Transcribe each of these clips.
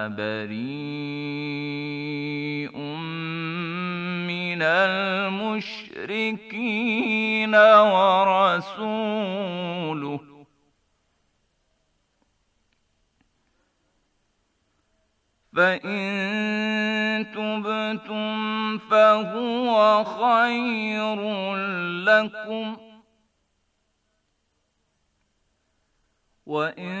أنا بريء من المشركين ورسوله فإن تبتم فهو خير لكم وإن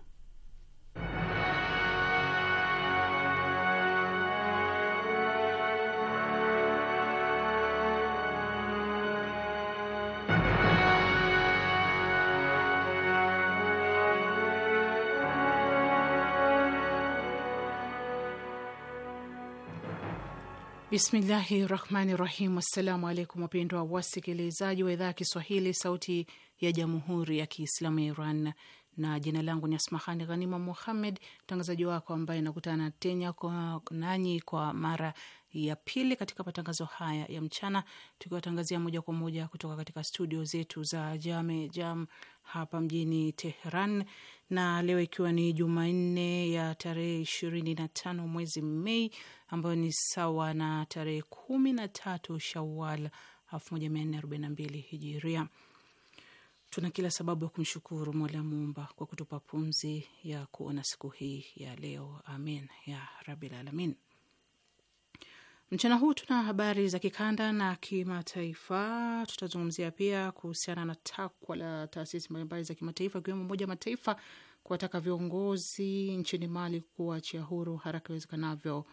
Bismillahi rahmani rahim. Assalamu alaikum wapendwa wasikilizaji wa idhaa ya Kiswahili sauti ya jamhuri ya Kiislamu ya Iran na jina langu ni Asmahani Ghanima Muhammed, mtangazaji wako ambaye nakutana tena kwa nanyi kwa mara ya pili katika matangazo haya ya mchana, tukiwatangazia moja kwa moja kutoka katika studio zetu za Jame Jam hapa mjini Teheran, na leo ikiwa ni Jumanne ya tarehe ishirini na tano mwezi Mei, ambayo ni sawa na tarehe kumi na tatu Shawal elfu moja mia nne arobaini na mbili hijiria. Tuna kila sababu ya kumshukuru Mola Muumba kwa kutupa pumzi ya kuona siku hii ya leo, amin ya rabil alamin. Mchana huu tuna habari za kikanda na kimataifa. Tutazungumzia pia kuhusiana na takwa la taasisi mbalimbali za kimataifa ikiwemo Umoja wa Mataifa kuwataka viongozi nchini Mali kuwachia huru haraka iwezekanavyo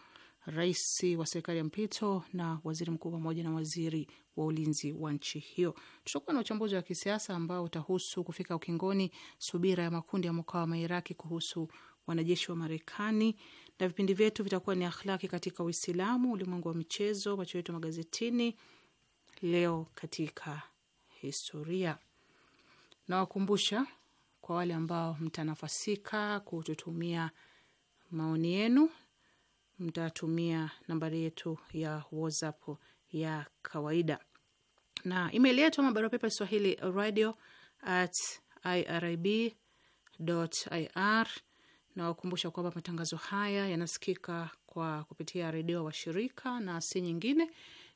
rais wa serikali ya mpito na waziri mkuu pamoja na waziri wa ulinzi wa nchi hiyo. Tutakuwa na uchambuzi wa kisiasa ambao utahusu kufika ukingoni, subira ya makundi ya mukawama Iraki kuhusu wanajeshi wa Marekani, na vipindi vyetu vitakuwa ni akhlaki katika Uislamu, ulimwengu wa michezo, macho yetu magazetini, leo katika historia. Nawakumbusha kwa wale ambao mtanafasika kututumia maoni yenu mtatumia nambari yetu ya WhatsApp ya kawaida na email yetu ama barua pepe swahili radio at irib ir. Nawakumbusha kwamba matangazo haya yanasikika kwa kupitia redio washirika na si nyingine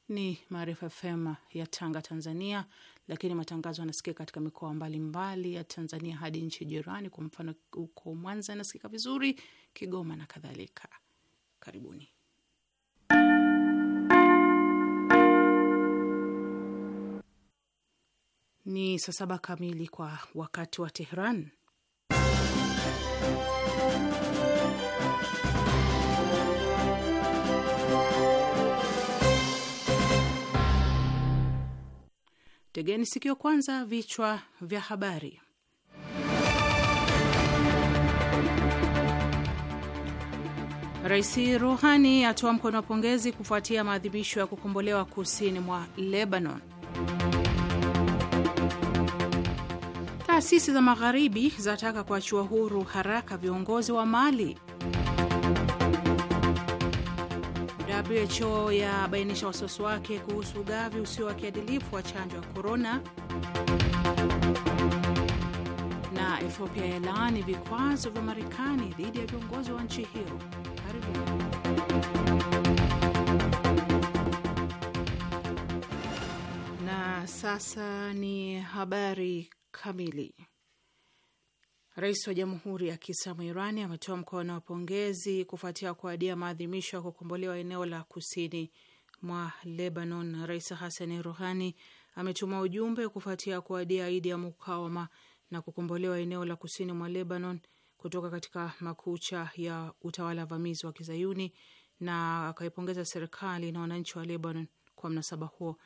ni Maarifa FM ya Tanga, Tanzania, lakini matangazo yanasikika katika mikoa mbalimbali ya Tanzania hadi nchi jirani. Kwa mfano, huko Mwanza anasikika vizuri, Kigoma na kadhalika. Karibuni. Ni saa saba kamili kwa wakati wa Tehran. Tegeni sikio kwanza, vichwa vya habari. Rais Ruhani atoa mkono wa pongezi kufuatia maadhimisho ya kukombolewa kusini mwa Lebanon. Taasisi za magharibi zataka kuachiwa huru haraka viongozi wa Mali. WHO yabainisha wasiwasi wake kuhusu ugavi usio wa kiadilifu wa chanjo ya korona, na Ethiopia yalaani vikwazo vya Marekani dhidi ya viongozi wa nchi hiyo. Na sasa ni habari kamili. Rais wa Jamhuri ya Kiislamu Irani ametoa mkono wa pongezi kufuatia kuadia maadhimisho ya kukombolewa eneo la kusini mwa Lebanon. Rais Hassan Ruhani ametuma ujumbe kufuatia kuadia Idi ya Mukawama na kukombolewa eneo la kusini mwa Lebanon kutoka katika makucha ya utawala vamizi wa Kizayuni na akaipongeza serikali na wananchi wa Lebanon kwa mnasaba huo.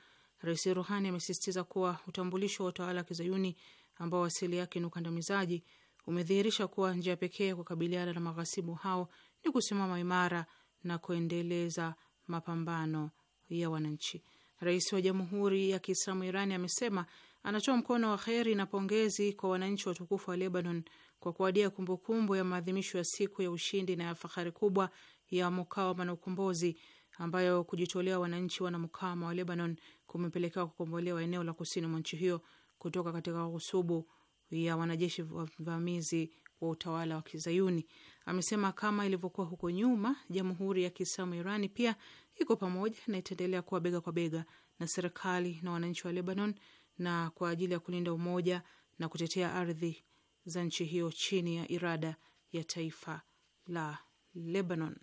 Rais Ruhani amesisitiza kuwa utambulisho wa utawala wa Kizayuni ambao asili yake ni ukandamizaji umedhihirisha kuwa njia pekee ya kukabiliana na maghasibu hao ni kusimama imara na kuendeleza mapambano ya wananchi. Rais wa Jamhuri ya Kiislamu Irani amesema anatoa mkono wa kheri na pongezi kwa wananchi watukufu wa Lebanon kwa kuadia kumbukumbu ya maadhimisho ya siku ya ushindi na ya fahari kubwa ya mukawama na ukombozi ambayo kujitolea wananchi wana mukawama wa Lebanon kumepelekea kukombolewa eneo la kusini mwa nchi hiyo kutoka katika usubu ya wanajeshi wavamizi wa utawala wa Kizayuni. Amesema kama ilivyokuwa huko nyuma, Jamhuri ya Kiislamu Irani pia iko pamoja na itaendelea kuwa bega kwa bega na serikali na wananchi wa Lebanon na kwa ajili ya kulinda umoja na kutetea ardhi za nchi hiyo chini ya irada ya taifa la Lebanon.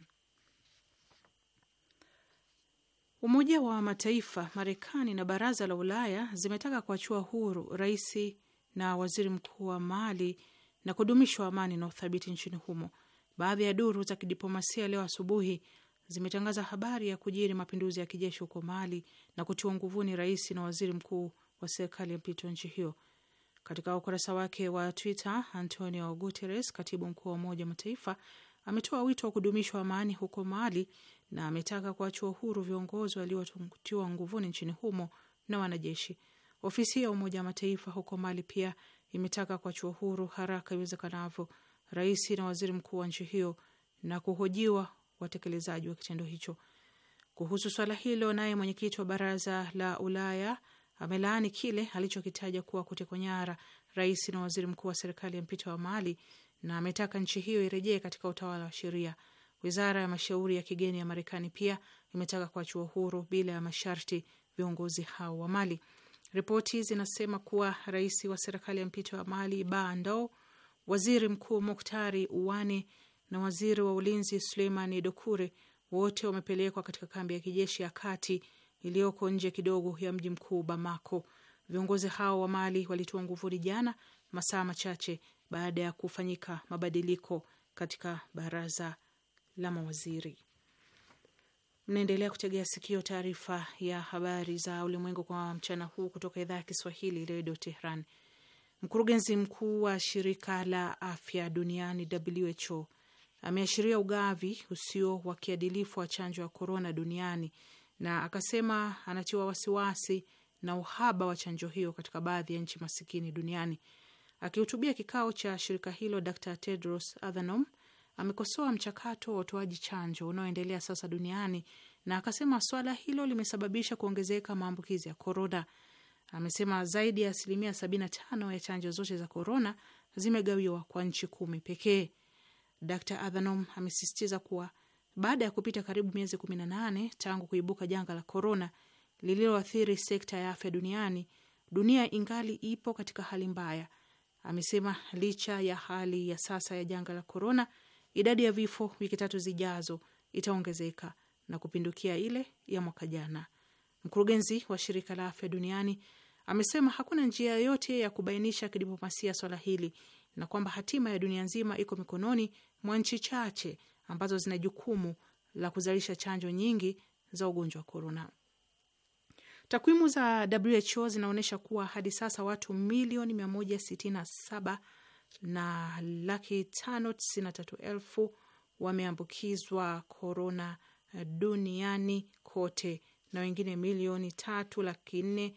Umoja wa Mataifa, Marekani na Baraza la Ulaya zimetaka kuachua huru rais na waziri mkuu wa Mali na kudumishwa amani na uthabiti nchini humo. Baadhi ya duru za kidiplomasia leo asubuhi zimetangaza habari ya kujiri mapinduzi ya kijeshi huko Mali na kutiwa nguvuni rais na waziri mkuu wa serikali ya mpito nchi hiyo. Katika ukurasa wake wa Twitter, Antonio Guterres, katibu mkuu wa Umoja wa Mataifa, ametoa wito wa kudumishwa amani huko Mali na ametaka kuachiwa uhuru viongozi waliotiwa nguvuni nchini humo na wanajeshi. Ofisi ya Umoja wa Mataifa huko Mali pia imetaka kuachiwa uhuru haraka iwezekanavyo rais na waziri mkuu wa nchi hiyo na kuhojiwa watekelezaji wa kitendo hicho. Kuhusu swala hilo, naye mwenyekiti wa Baraza la Ulaya amelaani kile alichokitaja kuwa kutekwa nyara rais na waziri mkuu wa serikali ya mpito wa Mali na ametaka nchi hiyo irejee katika utawala wa sheria. Wizara ya mashauri ya kigeni ya Marekani pia imetaka kuachia huru bila ya masharti viongozi hao wa Mali. Ripoti zinasema kuwa rais wa serikali ya mpito wa Mali Ba Ndaw, waziri mkuu Moktari Uwane na waziri wa ulinzi Suleimani Dokure wote wamepelekwa katika kambi ya kijeshi ya kati iliyoko nje kidogo ya mji mkuu Bamako. Viongozi hao wa Mali walitoa nguvuni jana, masaa machache baada ya kufanyika mabadiliko katika baraza la mawaziri. Mnaendelea kutegea sikio taarifa ya habari za ulimwengu kwa mchana huu kutoka idhaa ya Kiswahili, Redio Tehran. Mkurugenzi mkuu wa shirika la afya duniani WHO ameashiria ugavi usio wa kiadilifu wa chanjo ya korona duniani na akasema anatiwa wasiwasi na uhaba wa chanjo hiyo katika baadhi ya nchi masikini duniani. Akihutubia kikao cha shirika hilo, Dr Tedros Adhanom amekosoa mchakato wa utoaji chanjo unaoendelea sasa duniani na akasema swala hilo limesababisha kuongezeka maambukizi ya korona. Amesema zaidi ya asilimia 75 ya chanjo zote za korona zimegawiwa kwa nchi kumi pekee. Dr Adhanom amesisitiza kuwa baada ya kupita karibu miezi 18 tangu kuibuka janga la korona lililoathiri sekta ya afya duniani, dunia ingali ipo katika hali mbaya, amesema. Licha ya hali ya sasa ya janga la korona, idadi ya vifo wiki tatu zijazo itaongezeka na kupindukia ile ya mwaka jana. Mkurugenzi wa shirika la afya duniani amesema hakuna njia yoyote ya kubainisha kidiplomasia swala hili na kwamba hatima ya dunia nzima iko mikononi mwa nchi chache ambazo zina jukumu la kuzalisha chanjo nyingi za ugonjwa wa korona. Takwimu za WHO zinaonyesha kuwa hadi sasa watu milioni 167 na laki tano tatu elfu wameambukizwa korona eh, duniani kote na wengine milioni tatu laki nne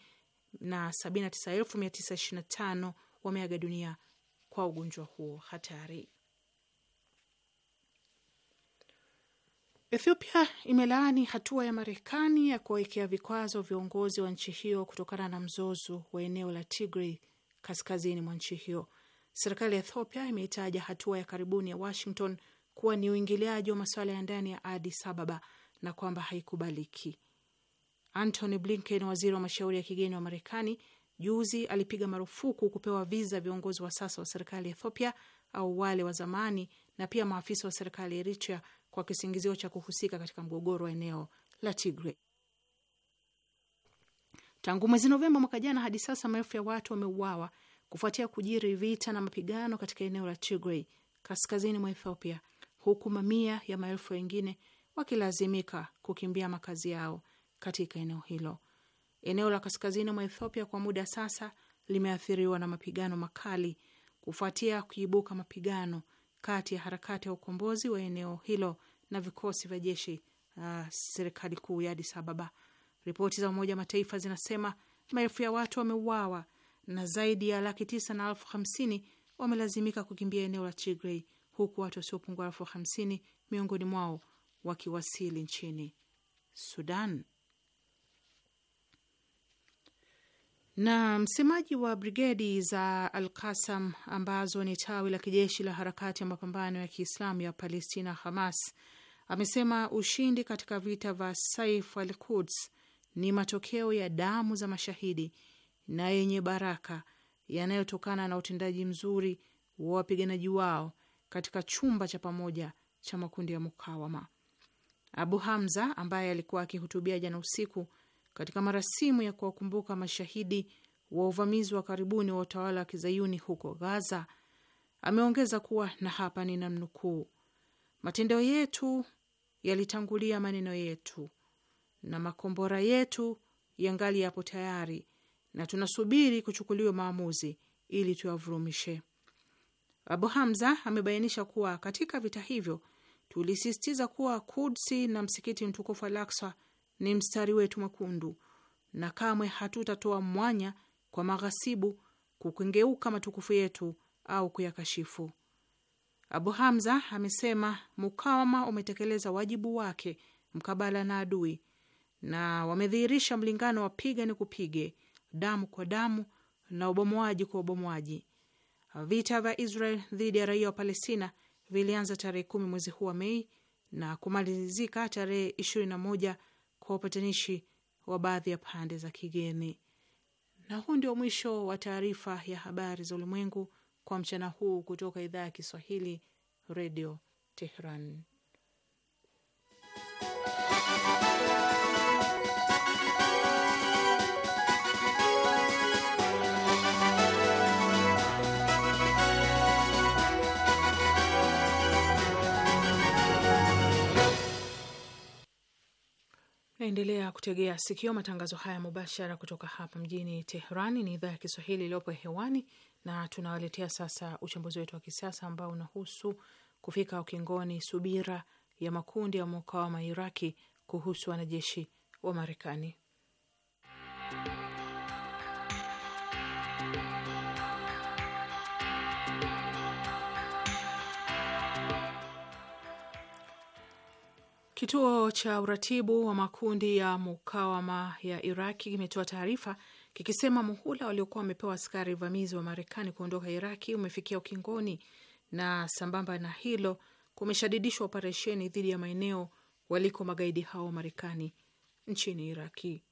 na sabini elfu mia tisa tano wameaga dunia kwa ugonjwa huo hatari. Ethiopia imelaani hatua ya Marekani ya kuwekea vikwazo viongozi wa nchi hiyo kutokana na mzozo wa eneo la Tigray kaskazini mwa nchi hiyo. Serikali ya Ethiopia imeitaja hatua ya karibuni ya Washington kuwa ni uingiliaji wa masuala ya ndani ya Addis Ababa na kwamba haikubaliki. Antony Blinken, waziri wa mashauri ya kigeni wa Marekani, juzi alipiga marufuku kupewa viza viongozi wa sasa wa serikali ya Ethiopia au wale wa zamani na pia maafisa wa serikali ya Eritrea kwa kisingizio cha kuhusika katika mgogoro wa eneo la Tigre. Tangu mwezi Novemba mwaka jana hadi sasa maelfu ya watu wameuawa kufuatia kujiri vita na mapigano katika eneo la Tigray kaskazini mwa Ethiopia, huku mamia ya maelfu wengine wakilazimika kukimbia makazi yao katika eneo hilo. Eneo la kaskazini mwa Ethiopia kwa muda sasa limeathiriwa na mapigano makali kufuatia kuibuka mapigano kati ya harakati ya ukombozi wa eneo hilo na vikosi vya jeshi uh, serikali kuu ya Addis Ababa. Ripoti za Umoja Mataifa zinasema maelfu ya watu wameuawa na zaidi ya laki tisa na elfu hamsini wamelazimika kukimbia eneo la Tigray, huku watu wasiopungua elfu hamsini miongoni mwao wakiwasili nchini Sudan. Na msemaji wa brigedi za Al-Qassam ambazo ni tawi la kijeshi la harakati ya mapambano ya Kiislamu ya Palestina Hamas amesema ushindi katika vita vya Saif al Quds ni matokeo ya damu za mashahidi na yenye baraka yanayotokana na utendaji mzuri wa wapiganaji wao katika chumba cha pamoja cha makundi ya mukawama. Abu Hamza ambaye alikuwa akihutubia jana usiku katika marasimu ya kuwakumbuka mashahidi wa uvamizi wa karibuni wa utawala wa kizayuni huko Gaza ameongeza kuwa, na hapa ni namnukuu matendo yetu yalitangulia maneno yetu, na makombora yetu yangali yapo tayari na tunasubiri kuchukuliwa maamuzi ili tuyavurumishe. Abu Hamza amebainisha kuwa katika vita hivyo tulisisitiza kuwa Kudsi na msikiti mtukufu Al-Aqsa ni mstari wetu mwekundu na kamwe hatutatoa mwanya kwa maghasibu kukengeuka matukufu yetu au kuyakashifu. Abu Hamza amesema mukawama umetekeleza wajibu wake mkabala na adui na wamedhihirisha mlingano wa piga ni kupige, damu kwa damu na ubomoaji kwa ubomoaji. Vita vya Israel dhidi ya raia wa Palestina vilianza tarehe kumi mwezi huu wa Mei na kumalizika tarehe ishirini na moja kwa upatanishi wa baadhi ya pande za kigeni. Na huu ndio mwisho wa taarifa ya habari za ulimwengu kwa mchana huu kutoka idhaa ya Kiswahili, Redio Tehran. Naendelea kutegea sikio matangazo haya mubashara kutoka hapa mjini Teherani. Ni idhaa ya Kiswahili iliyopo hewani, na tunawaletea sasa uchambuzi wetu wa kisiasa ambao unahusu kufika ukingoni subira ya makundi ya mukawama Iraki kuhusu wanajeshi wa Marekani. Kituo cha uratibu wa makundi ya mukawama ya Iraki kimetoa taarifa kikisema muhula waliokuwa wamepewa askari vamizi wa Marekani kuondoka Iraki umefikia ukingoni, na sambamba na hilo kumeshadidishwa operesheni dhidi ya maeneo waliko magaidi hao wa Marekani nchini Iraki.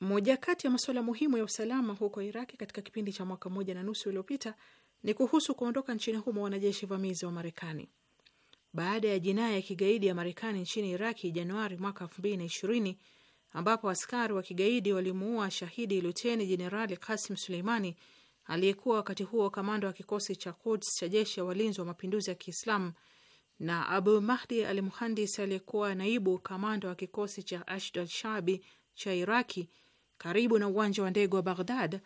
Moja kati ya masuala muhimu ya usalama huko Iraki katika kipindi cha mwaka mmoja na nusu uliopita ni kuhusu kuondoka nchini humo wanajeshi vamizi wa Marekani baada ya jinai ya kigaidi ya Marekani nchini Iraki Januari mwaka 2020 ambapo askari wa kigaidi walimuua shahidi Luteni Jenerali Kasim Suleimani aliyekuwa wakati huo kamanda wa kikosi cha Quds cha jeshi ya walinzi wa mapinduzi ya Kiislamu na Abu Mahdi al Muhandis aliyekuwa naibu kamanda wa kikosi cha Ashd al Shabi cha Iraki karibu na uwanja wa ndege wa Baghdad,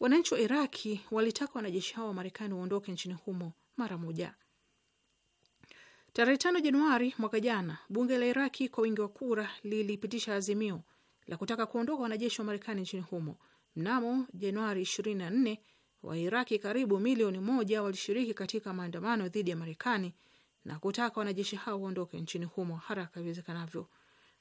wananchi wa Iraki walitaka wanajeshi hao wa Marekani waondoke nchini humo mara moja. Tarehe tano Januari mwaka jana, bunge la Iraki kwa wingi wa kura lilipitisha azimio la kutaka kuondoka wanajeshi wa Marekani nchini humo. Mnamo Januari 24, Wairaki karibu milioni moja walishiriki katika maandamano dhidi ya Marekani na kutaka wanajeshi hao waondoke nchini humo haraka iwezekanavyo.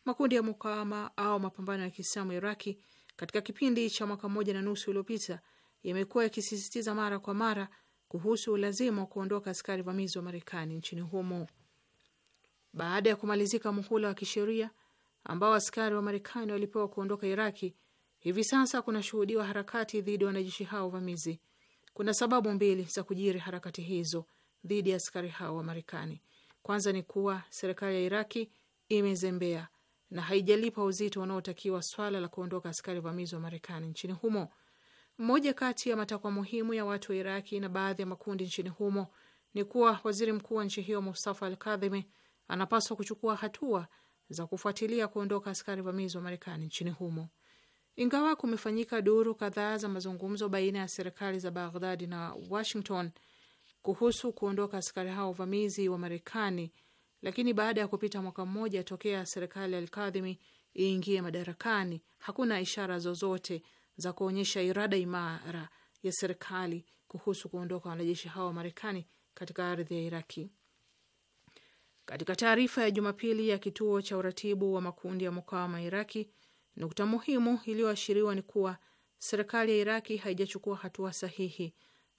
Makundi ya mukawama au mapambano ya Kiislamu Iraki katika kipindi cha mwaka mmoja na nusu uliopita yamekuwa yakisisitiza mara kwa mara kuhusu ulazima wa kuondoka askari vamizi wa Marekani nchini humo baada ya kumalizika muhula wa kisheria ambao askari wa Marekani walipewa kuondoka Iraki, hivi sasa kunashuhudiwa harakati dhidi ya wanajeshi hao vamizi. Kuna sababu mbili za kujiri harakati hizo dhidi ya askari hao wa Marekani. Kwanza ni kuwa serikali ya Iraki imezembea na haijalipa uzito unaotakiwa swala la kuondoka askari vamizi wa Marekani nchini humo. Mmoja kati ya matakwa muhimu ya watu wa Iraki na baadhi ya makundi nchini humo ni kuwa waziri mkuu wa nchi hiyo Mustafa Al Kadhimi anapaswa kuchukua hatua za kufuatilia kuondoka askari vamizi wa Marekani nchini humo. Ingawa kumefanyika duru kadhaa za mazungumzo baina ya serikali za Baghdadi na Washington kuhusu kuondoka askari hao vamizi wa Marekani, lakini baada ya kupita mwaka mmoja tokea serikali ya Alkadhimi iingie madarakani, hakuna ishara zozote za kuonyesha irada imara ya serikali kuhusu kuondoka wanajeshi hao wa Marekani katika ardhi ya Iraki. Katika taarifa ya Jumapili ya kituo cha uratibu wa makundi ya mukawama Iraki, nukta muhimu iliyoashiriwa ni kuwa serikali ya Iraki haijachukua hatua sahihi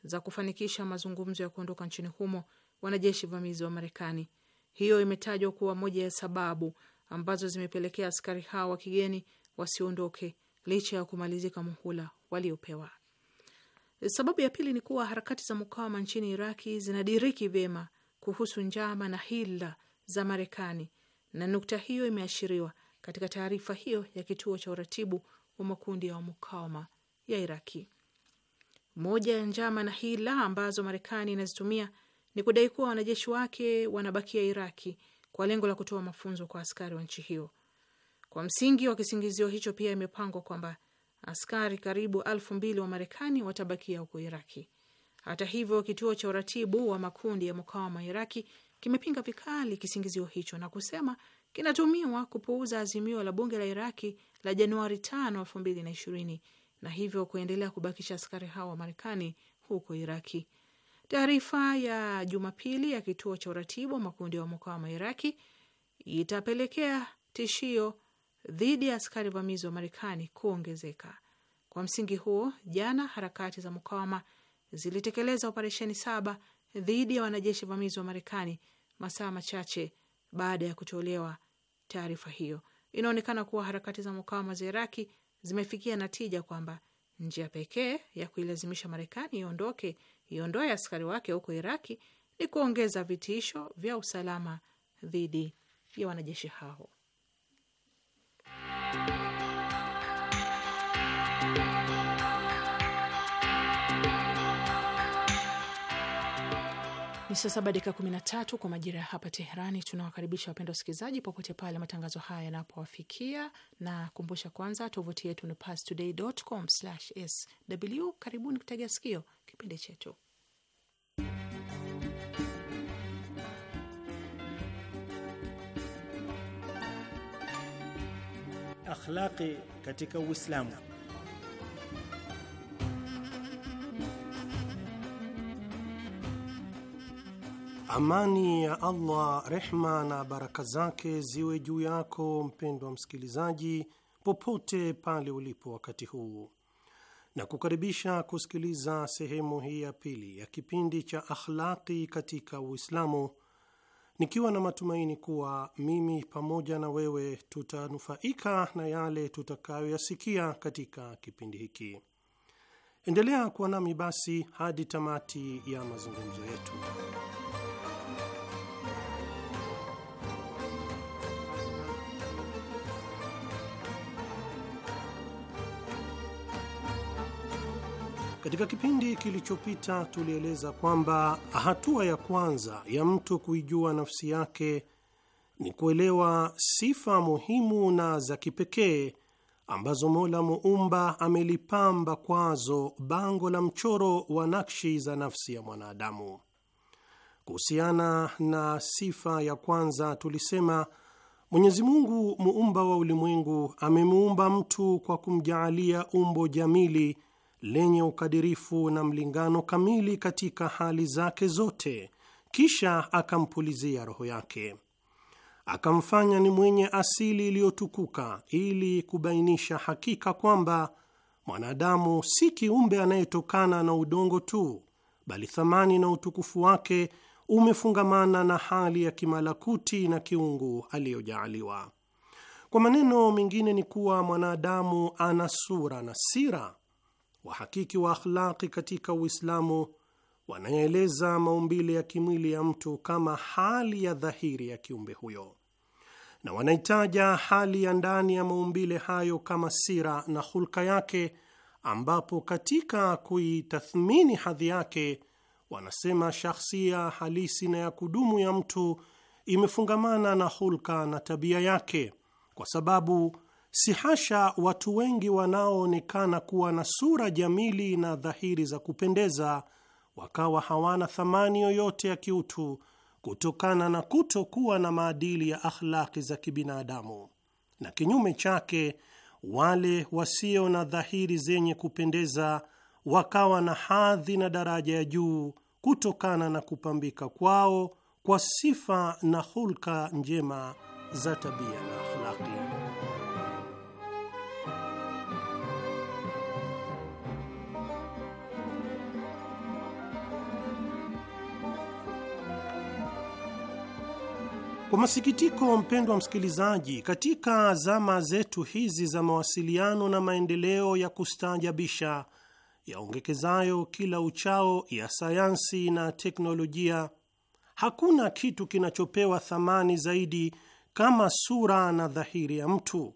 za kufanikisha mazungumzo ya kuondoka nchini humo wanajeshi vamizi wa Marekani. Hiyo imetajwa kuwa moja ya sababu ambazo zimepelekea askari hao wa kigeni wasiondoke licha ya kumalizika muhula waliopewa. Sababu ya pili ni kuwa harakati za mukawama nchini Iraki zinadiriki vyema kuhusu njama na hila za Marekani, na nukta hiyo imeashiriwa katika taarifa hiyo ya kituo cha uratibu wa makundi ya mukawama ya Iraki. Moja ya njama na hila ambazo Marekani inazitumia ni kudai kuwa wanajeshi wake wanabakia Iraki kwa lengo la kutoa mafunzo kwa askari wa nchi hiyo. Kwa msingi wa kisingizio hicho, pia imepangwa kwamba askari karibu elfu mbili wa Marekani watabakia huko Iraki. Hata hivyo, kituo cha uratibu wa makundi ya mukawama Iraki kimepinga vikali kisingizio hicho na kusema kinatumiwa kupuuza azimio la bunge la Iraki la Januari 5, 2020 na hivyo kuendelea kubakisha askari hao wa Marekani huko Iraki. Taarifa ya Jumapili ya kituo cha uratibu wa makundi ya mukawama Iraki itapelekea tishio dhidi ya askari vamizi wa Marekani kuongezeka. Kwa msingi huo, jana harakati za mukawama zilitekeleza operesheni saba dhidi ya wanajeshi vamizi wa Marekani masaa machache baada ya kutolewa taarifa hiyo. Inaonekana kuwa harakati za mukawama za Iraki zimefikia natija kwamba njia pekee ya kuilazimisha Marekani iondoke iondoe askari wake huko Iraki ni kuongeza vitisho vya usalama dhidi ya wanajeshi hao. Ni saa saba dakika kumi na tatu kwa majira ya hapa Teherani. Tunawakaribisha wapenda wasikilizaji popote pale matangazo haya yanapowafikia, na kumbusha kwanza tovuti yetu ni pastoday.com/sw. Karibuni kutega sikio kipindi chetu. Akhlaqi katika Uislamu. Amani ya Allah, rehma na baraka zake ziwe juu yako mpendwa msikilizaji, popote pale ulipo wakati huu, na kukaribisha kusikiliza sehemu hii ya pili ya kipindi cha Akhlaqi katika Uislamu, nikiwa na matumaini kuwa mimi pamoja na wewe tutanufaika na yale tutakayoyasikia katika kipindi hiki. Endelea kuwa nami basi hadi tamati ya mazungumzo yetu. Katika kipindi kilichopita tulieleza kwamba hatua ya kwanza ya mtu kuijua nafsi yake ni kuelewa sifa muhimu na za kipekee ambazo Mola Muumba amelipamba kwazo bango la mchoro wa nakshi za nafsi ya mwanadamu. Kuhusiana na sifa ya kwanza tulisema Mwenyezi Mungu muumba wa ulimwengu amemuumba mtu kwa kumjaalia umbo jamili lenye ukadirifu na mlingano kamili katika hali zake zote, kisha akampulizia roho yake, akamfanya ni mwenye asili iliyotukuka, ili kubainisha hakika kwamba mwanadamu si kiumbe anayetokana na udongo tu, bali thamani na utukufu wake umefungamana na hali ya kimalakuti na kiungu aliyojaaliwa. Kwa maneno mengine ni kuwa mwanadamu ana sura na sira wahakiki wa akhlaqi katika Uislamu wanaeleza maumbile ya kimwili ya mtu kama hali ya dhahiri ya kiumbe huyo, na wanaitaja hali ya ndani ya maumbile hayo kama sira na hulka yake, ambapo katika kuitathmini hadhi yake wanasema shakhsia halisi na ya kudumu ya mtu imefungamana na hulka na tabia yake, kwa sababu Si hasha watu wengi wanaoonekana kuwa na sura jamili na dhahiri za kupendeza wakawa hawana thamani yoyote ya kiutu kutokana na kutokuwa na maadili ya akhlaki za kibinadamu, na kinyume chake wale wasio na dhahiri zenye kupendeza wakawa na hadhi na daraja ya juu kutokana na kupambika kwao kwa sifa na hulka njema za tabia na akhlaki. Kwa masikitiko, mpendwa msikilizaji, katika zama zetu hizi za mawasiliano na maendeleo ya kustaajabisha yaongekezayo kila uchao ya sayansi na teknolojia, hakuna kitu kinachopewa thamani zaidi kama sura na dhahiri ya mtu,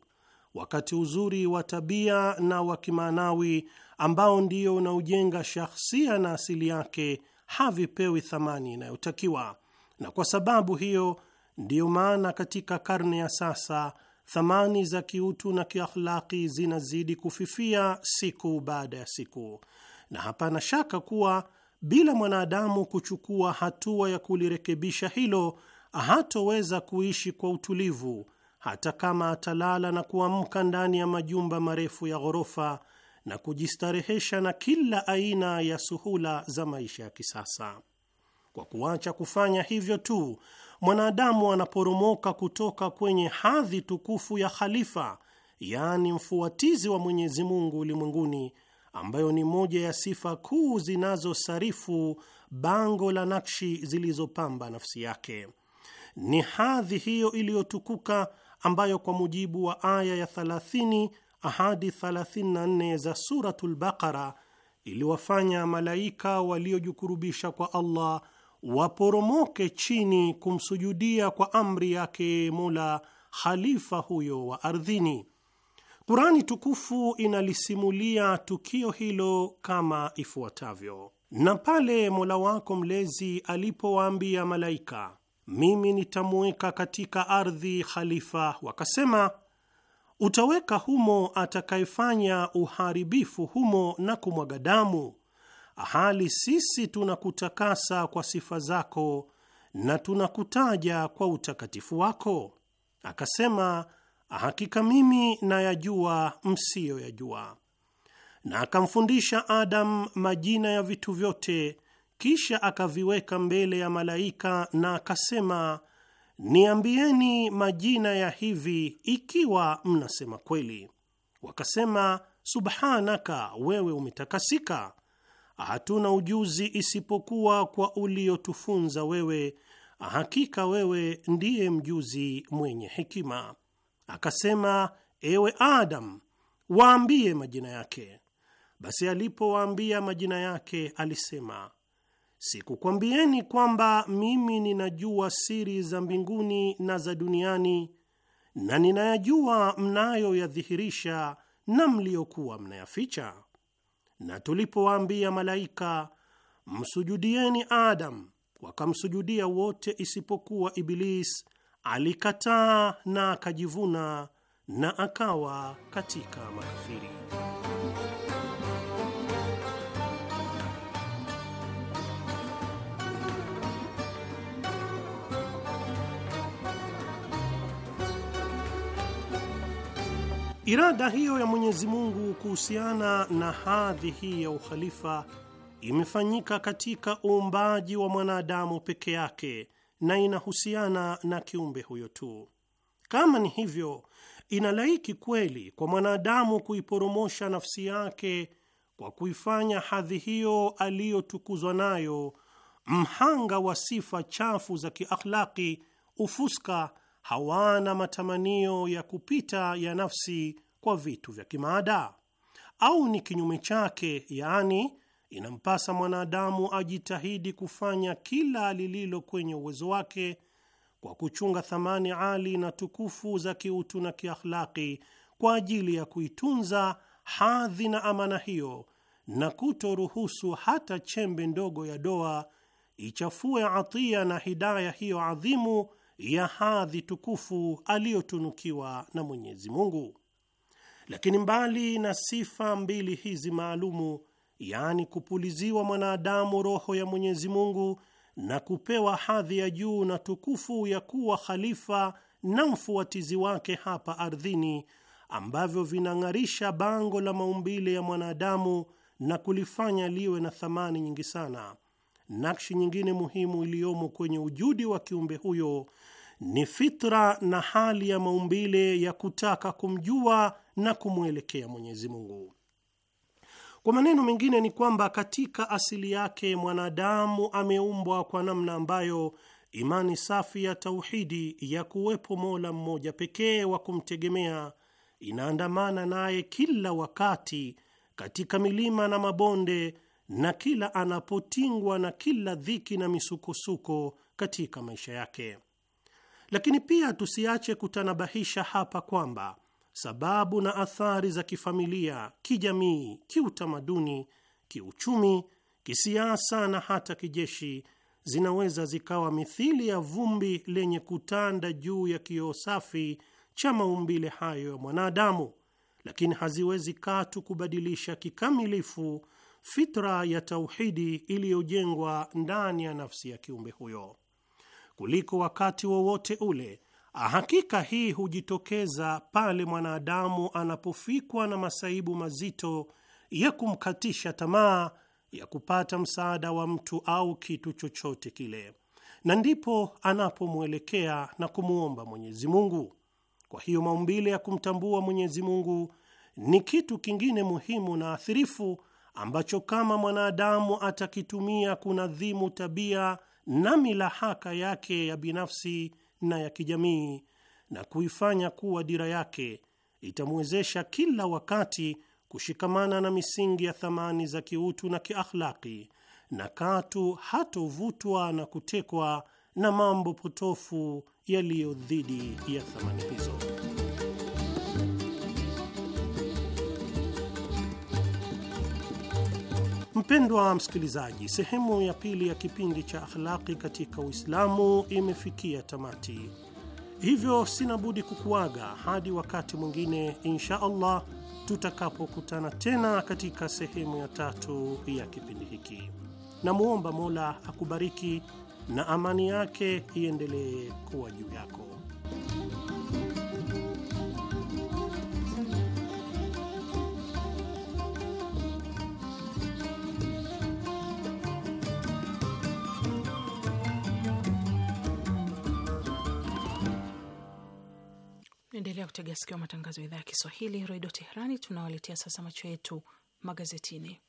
wakati uzuri wa tabia na wa kimaanawi ambao ndio unaojenga shahsia na asili yake havipewi thamani inayotakiwa, na kwa sababu hiyo Ndiyo maana katika karne ya sasa thamani za kiutu na kiakhlaki zinazidi kufifia siku baada ya siku, na hapana shaka kuwa bila mwanadamu kuchukua hatua ya kulirekebisha hilo, hatoweza kuishi kwa utulivu, hata kama atalala na kuamka ndani ya majumba marefu ya ghorofa na kujistarehesha na kila aina ya suhula za maisha ya kisasa. Kwa kuacha kufanya hivyo tu, mwanadamu anaporomoka kutoka kwenye hadhi tukufu ya khalifa, yaani mfuatizi wa Mwenyezi Mungu ulimwenguni, ambayo ni moja ya sifa kuu zinazosarifu bango la nakshi zilizopamba nafsi yake. Ni hadhi hiyo iliyotukuka ambayo kwa mujibu wa aya ya 30 ahadi 34 za Suratul Baqara iliwafanya malaika waliojikurubisha kwa Allah waporomoke chini kumsujudia kwa amri yake Mola khalifa huyo wa ardhini. Kurani tukufu inalisimulia tukio hilo kama ifuatavyo: na pale Mola wako mlezi alipowaambia malaika, mimi nitamuweka katika ardhi khalifa, wakasema utaweka humo atakayefanya uharibifu humo na kumwaga damu hali sisi tunakutakasa kwa sifa zako na tunakutaja kwa utakatifu wako? Akasema, hakika mimi nayajua msiyoyajua. Na akamfundisha Adamu majina ya vitu vyote, kisha akaviweka mbele ya malaika na akasema, niambieni majina ya hivi ikiwa mnasema kweli. Wakasema, subhanaka, wewe umetakasika hatuna ujuzi isipokuwa kwa uliotufunza wewe, hakika wewe ndiye mjuzi mwenye hekima. Akasema, ewe Adam, waambie majina yake. Basi alipowaambia majina yake, alisema Sikukwambieni kwamba mimi ninajua siri za mbinguni na za duniani, na ninayajua mnayoyadhihirisha na mliyokuwa mnayaficha? na tulipowaambia malaika msujudieni Adam, wakamsujudia wote isipokuwa Iblis, alikataa na akajivuna na akawa katika makafiri. Irada hiyo ya Mwenyezi Mungu kuhusiana na hadhi hii ya ukhalifa imefanyika katika uumbaji wa mwanadamu peke yake na inahusiana na kiumbe huyo tu. Kama ni hivyo, inalaiki kweli kwa mwanadamu kuiporomosha nafsi yake kwa kuifanya hadhi hiyo aliyotukuzwa nayo mhanga wa sifa chafu za kiakhlaki, ufuska hawana matamanio ya kupita ya nafsi kwa vitu vya kimaada, au ni kinyume chake, yaani inampasa mwanadamu ajitahidi kufanya kila lililo kwenye uwezo wake kwa kuchunga thamani ali na tukufu za kiutu na kiakhlaki kwa ajili ya kuitunza hadhi na amana hiyo na kutoruhusu hata chembe ndogo ya doa ichafue atia na hidaya hiyo adhimu ya hadhi tukufu aliyotunukiwa na Mwenyezi Mungu. Lakini mbali na sifa mbili hizi maalumu, yaani kupuliziwa mwanadamu roho ya Mwenyezi Mungu na kupewa hadhi ya juu na tukufu ya kuwa khalifa na mfuatizi wake hapa ardhini, ambavyo vinang'arisha bango la maumbile ya mwanadamu na kulifanya liwe na thamani nyingi sana. Nakshi nyingine muhimu iliyomo kwenye ujudi wa kiumbe huyo ni fitra na hali ya maumbile ya kutaka kumjua na kumwelekea Mwenyezi Mungu. Kwa maneno mengine ni kwamba katika asili yake mwanadamu ameumbwa kwa namna ambayo imani safi ya tauhidi ya kuwepo Mola mmoja pekee wa kumtegemea inaandamana naye kila wakati katika milima na mabonde na kila anapotingwa na kila dhiki na misukosuko katika maisha yake. Lakini pia tusiache kutanabahisha hapa kwamba sababu na athari za kifamilia, kijamii, kiutamaduni, kiuchumi, kisiasa na hata kijeshi zinaweza zikawa mithili ya vumbi lenye kutanda juu ya kioo safi cha maumbile hayo ya mwanadamu, lakini haziwezi katu kubadilisha kikamilifu fitra ya tauhidi iliyojengwa ndani ya nafsi ya kiumbe huyo kuliko wakati wowote wa ule. Hakika hii hujitokeza pale mwanadamu anapofikwa na masaibu mazito ya kumkatisha tamaa ya kupata msaada wa mtu au kitu chochote kile, na ndipo anapomwelekea na kumwomba Mwenyezi Mungu. Kwa hiyo maumbile ya kumtambua Mwenyezi Mungu ni kitu kingine muhimu na athirifu ambacho kama mwanadamu atakitumia kunadhimu tabia na milahaka yake ya binafsi na ya kijamii na kuifanya kuwa dira yake, itamwezesha kila wakati kushikamana na misingi ya thamani za kiutu na kiakhlaki, na katu hatovutwa na kutekwa na mambo potofu yaliyo dhidi ya thamani hizo. Mpendwa msikilizaji, sehemu ya pili ya kipindi cha Akhlaqi katika Uislamu imefikia tamati, hivyo sina budi kukuaga hadi wakati mwingine insha Allah tutakapokutana tena katika sehemu ya tatu ya kipindi hiki. Namwomba Mola akubariki na amani yake iendelee kuwa juu yako. Naendelea kutega sikio matangazo ya idhaa ya Kiswahili redio Teherani. Tunawaletea sasa macho yetu magazetini.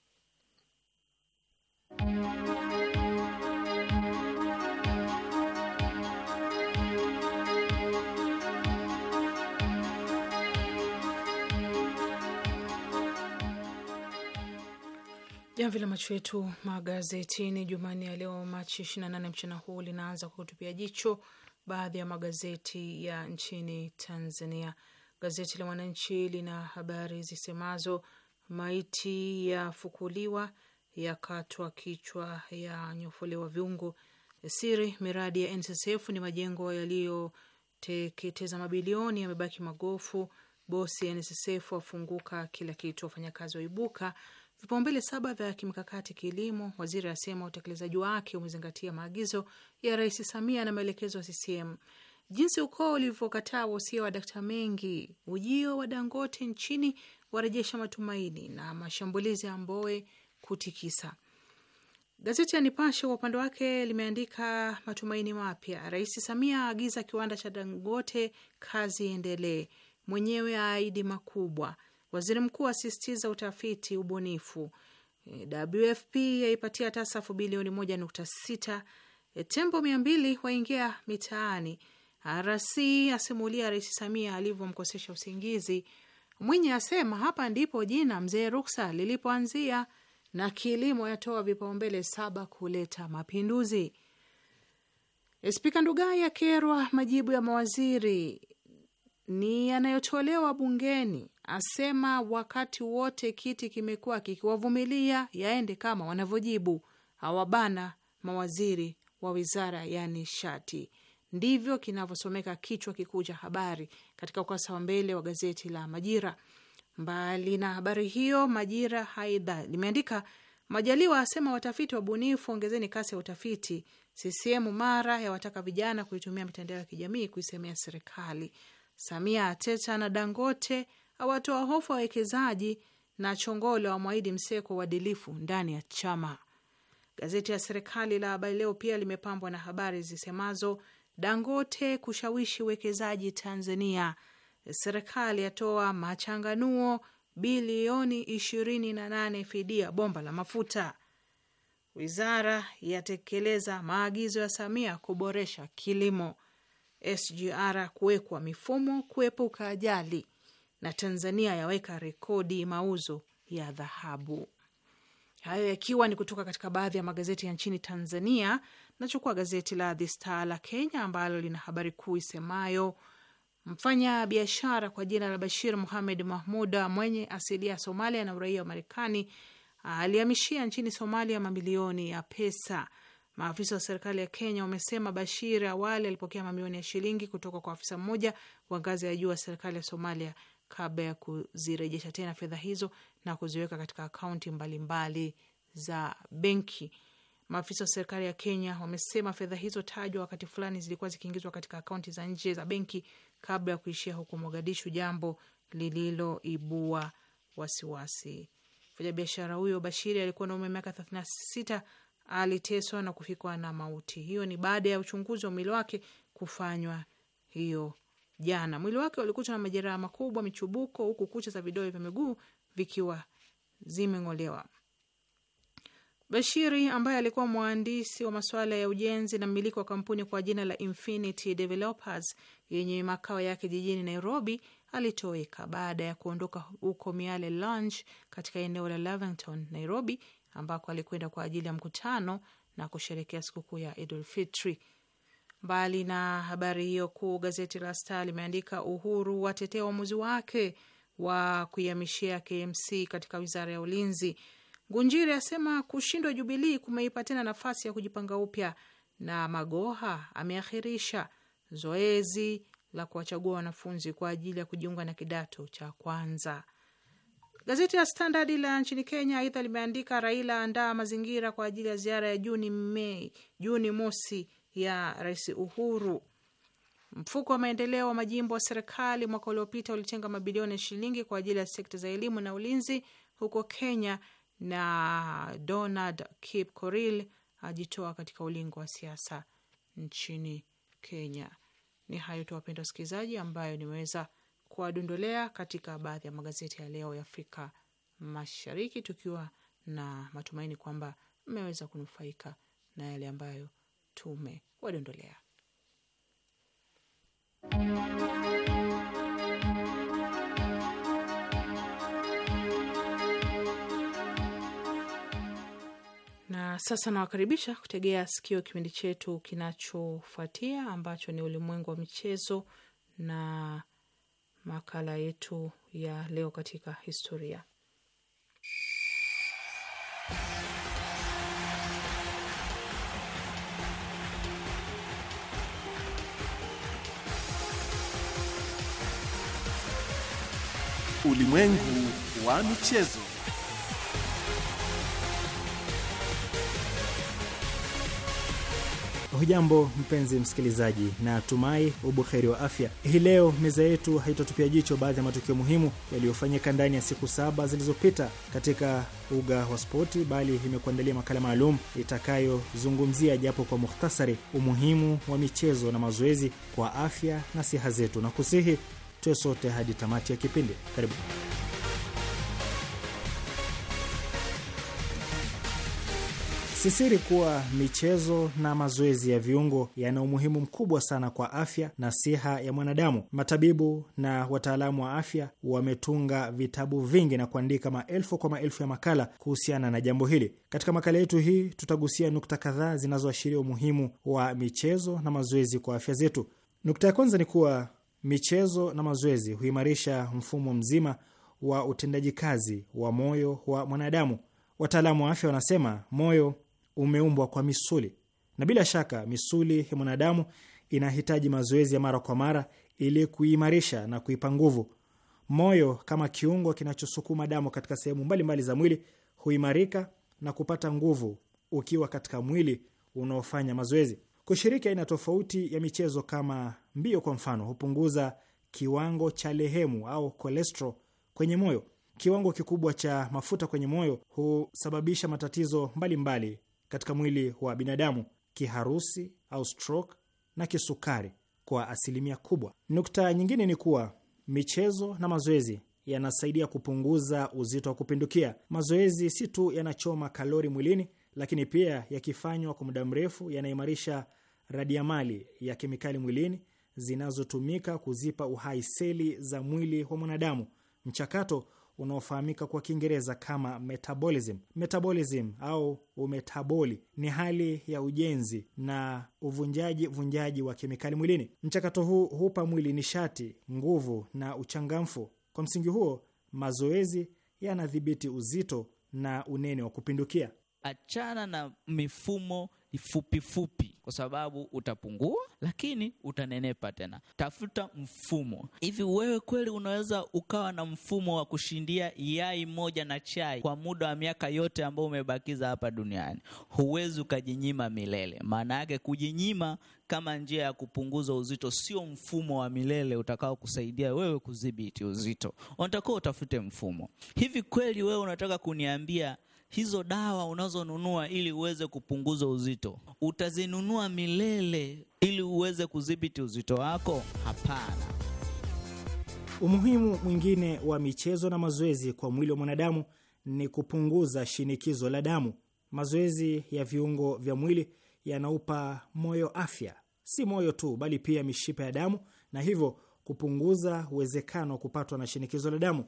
Jamvi la macho yetu magazetini Jumanne ya leo Machi 28 mchana huu linaanza kwa kutupia jicho baadhi ya magazeti ya nchini Tanzania. Gazeti la Mwananchi lina habari zisemazo maiti yafukuliwa, yakatwa kichwa, yanyofolewa viungo. Siri miradi ya NSSF ni majengo yaliyoteketeza mabilioni, yamebaki magofu. Bosi NSSF afunguka, kila kitu. Wafanyakazi waibuka Vipaumbele saba vya kimkakati kilimo, waziri asema utekelezaji wake umezingatia maagizo ya Rais Samia na maelekezo ya CCM. Jinsi ukoo ulivyokataa wosia wa Dakta Mengi, ujio wa Dangote nchini warejesha matumaini, na mashambulizi ya Mboe kutikisa. Gazeti ya Nipashe kwa upande wake limeandika matumaini mapya, Rais Samia aagiza kiwanda cha Dangote kazi endelee, mwenyewe aahidi makubwa Waziri mkuu asisitiza utafiti ubunifu. WFP yaipatia TASAFU bilioni moja nukta sita. E, tembo mia mbili waingia mitaani. RC asimulia Rais Samia alivyomkosesha usingizi. Mwinyi asema hapa ndipo jina mzee Ruksa lilipoanzia. Na kilimo yatoa vipaumbele saba kuleta mapinduzi. E, Spika Ndugai akerwa majibu ya mawaziri ni yanayotolewa bungeni, asema wakati wote kiti kimekuwa kikiwavumilia yaende kama wanavyojibu, hawabana mawaziri wa wizara ya nishati. Ndivyo kinavyosomeka kichwa kikuu cha habari katika ukurasa wa mbele wa gazeti la Majira. Mbali na habari hiyo, Majira haidha limeandika Majaliwa asema watafiti wabunifu, ongezeni kasi ya utafiti. CCM mara yawataka vijana kuitumia mitandao ya kijamii kuisemea serikali. Samia ateta na Dangote awatoa hofu wawekezaji, na Chongolo mwaidi Mseko uadilifu ndani ya chama. Gazeti ya serikali la Habari Leo pia limepambwa na habari zisemazo Dangote kushawishi uwekezaji Tanzania, serikali yatoa machanganuo bilioni 28 fidia bomba la mafuta, wizara yatekeleza maagizo ya Samia kuboresha kilimo, SGR kuwekwa mifumo kuepuka ajali, na Tanzania yaweka rekodi mauzo ya dhahabu. Hayo yakiwa ni kutoka katika baadhi ya magazeti ya nchini Tanzania. Nachukua gazeti la The Star la Kenya ambalo lina habari kuu isemayo mfanya biashara kwa jina la Bashir Muhamed Mahmuda mwenye asilia ya Somalia na uraia wa Marekani alihamishia nchini Somalia mamilioni ya pesa Maafisa wa serikali ya Kenya wamesema Bashir awali alipokea mamilioni ya shilingi kutoka kwa afisa mmoja wa ngazi ya juu wa serikali ya Somalia kabla ya kuzirejesha tena fedha hizo na kuziweka katika akaunti mbalimbali za benki. Maafisa wa serikali ya Kenya wamesema fedha hizo tajwa wakati fulani zilikuwa zikiingizwa katika akaunti za nje za benki kabla ya kuishia huko Mogadishu, jambo lililoibua wasiwasi. Mfanyabiashara huyo Bashiri alikuwa na umri wa miaka 36 aliteswa na kufikwa na mauti. Hiyo ni baada ya uchunguzi wa mwili wake kufanywa hiyo jana. Mwili wake ulikuta na majeraha makubwa, michubuko, huku kucha za vidole vya miguu vikiwa zimeng'olewa. Bashiri ambaye alikuwa mhandisi wa masuala ya ujenzi na mmiliki wa kampuni kwa jina la Infinity Developers yenye makao yake jijini Nairobi alitoweka baada ya kuondoka huko Miale Lounge katika eneo la Lavington, Nairobi, ambako alikwenda kwa ajili ya mkutano na kusherekea sikukuu ya Idul Fitri. Mbali na habari hiyo kuu, gazeti la Star limeandika Uhuru watetea uamuzi wake wa kuihamishia KMC katika wizara ya ulinzi. Ngunjiri asema kushindwa Jubilii kumeipa tena nafasi ya kujipanga upya, na Magoha ameahirisha zoezi la kuwachagua wanafunzi kwa ajili ya kujiunga na kidato cha kwanza. Gazeti la Standard la nchini Kenya aidha limeandika Raila andaa mazingira kwa ajili ya ziara ya Juni Mei Juni mosi ya Rais Uhuru. Mfuko wa maendeleo wa majimbo wa serikali mwaka uliopita ulitenga mabilioni ya shilingi kwa ajili ya sekta za elimu na ulinzi huko Kenya. Na Donald Kip Koril ajitoa katika ulingo wa siasa nchini Kenya. Ni hayo tu, wapenda wasikilizaji, ambayo nimeweza kuwadondolea katika baadhi ya magazeti ya leo ya Afrika Mashariki, tukiwa na matumaini kwamba mmeweza kunufaika na yale ambayo tumewadondolea. Na sasa nawakaribisha kutegea sikio kipindi chetu kinachofuatia ambacho ni ulimwengu wa michezo na makala yetu ya leo katika historia. Ulimwengu wa michezo. Hujambo mpenzi msikilizaji, na tumai ubuheri wa afya. Hii leo meza yetu haitatupia jicho baadhi ya matukio muhimu yaliyofanyika ndani ya siku saba zilizopita katika uga wa spoti, bali imekuandalia makala maalum itakayozungumzia japo kwa muhtasari umuhimu wa michezo na mazoezi kwa afya na siha zetu, na kusihi tuwe sote hadi tamati ya kipindi. Karibu. sisiri kuwa michezo na mazoezi ya viungo yana umuhimu mkubwa sana kwa afya na siha ya mwanadamu. Matabibu na wataalamu wa afya wametunga vitabu vingi na kuandika maelfu kwa maelfu ya makala kuhusiana na jambo hili. Katika makala yetu hii, tutagusia nukta kadhaa zinazoashiria umuhimu wa michezo na mazoezi kwa afya zetu. Nukta ya kwanza ni kuwa michezo na mazoezi huimarisha mfumo mzima wa utendaji kazi wa moyo wa mwanadamu. Wataalamu wa afya wanasema moyo umeumbwa kwa misuli, na bila shaka misuli ya mwanadamu inahitaji mazoezi ya mara kwa mara ili kuimarisha na kuipa nguvu. Moyo kama kiungo kinachosukuma damu katika sehemu mbalimbali za mwili huimarika na kupata nguvu ukiwa katika mwili unaofanya mazoezi. Kushiriki aina tofauti ya michezo kama mbio, kwa mfano, hupunguza kiwango cha lehemu au kolestro kwenye moyo. Kiwango kikubwa cha mafuta kwenye moyo husababisha matatizo mbalimbali mbali katika mwili wa binadamu, kiharusi au stroke na kisukari kwa asilimia kubwa. Nukta nyingine ni kuwa michezo na mazoezi yanasaidia kupunguza uzito wa kupindukia. Mazoezi si tu yanachoma kalori mwilini, lakini pia yakifanywa kwa muda mrefu yanaimarisha radiamali ya kemikali mwilini zinazotumika kuzipa uhai seli za mwili wa mwanadamu, mchakato unaofahamika kwa Kiingereza kama metabolism. Metabolism au umetaboli ni hali ya ujenzi na uvunjaji vunjaji wa kemikali mwilini. Mchakato huu hupa mwili nishati, nguvu na uchangamfu. Kwa msingi huo, mazoezi yanadhibiti uzito na unene wa kupindukia. Achana na mifumo fupifupi fupi fupi, kwa sababu utapungua, lakini utanenepa tena. Tafuta mfumo. Hivi wewe kweli unaweza ukawa na mfumo wa kushindia yai moja na chai kwa muda wa miaka yote ambayo umebakiza hapa duniani? Huwezi ukajinyima milele. Maana yake kujinyima kama njia ya kupunguza uzito sio mfumo wa milele utakao kusaidia wewe kudhibiti uzito. Unatakiwa utafute mfumo. Hivi kweli wewe unataka kuniambia hizo dawa unazonunua ili uweze kupunguza uzito utazinunua milele ili uweze kudhibiti uzito wako? Hapana. Umuhimu mwingine wa michezo na mazoezi kwa mwili wa mwanadamu ni kupunguza shinikizo la damu. Mazoezi ya viungo vya mwili yanaupa moyo afya, si moyo tu, bali pia mishipa ya damu, na hivyo kupunguza uwezekano wa kupatwa na shinikizo la damu.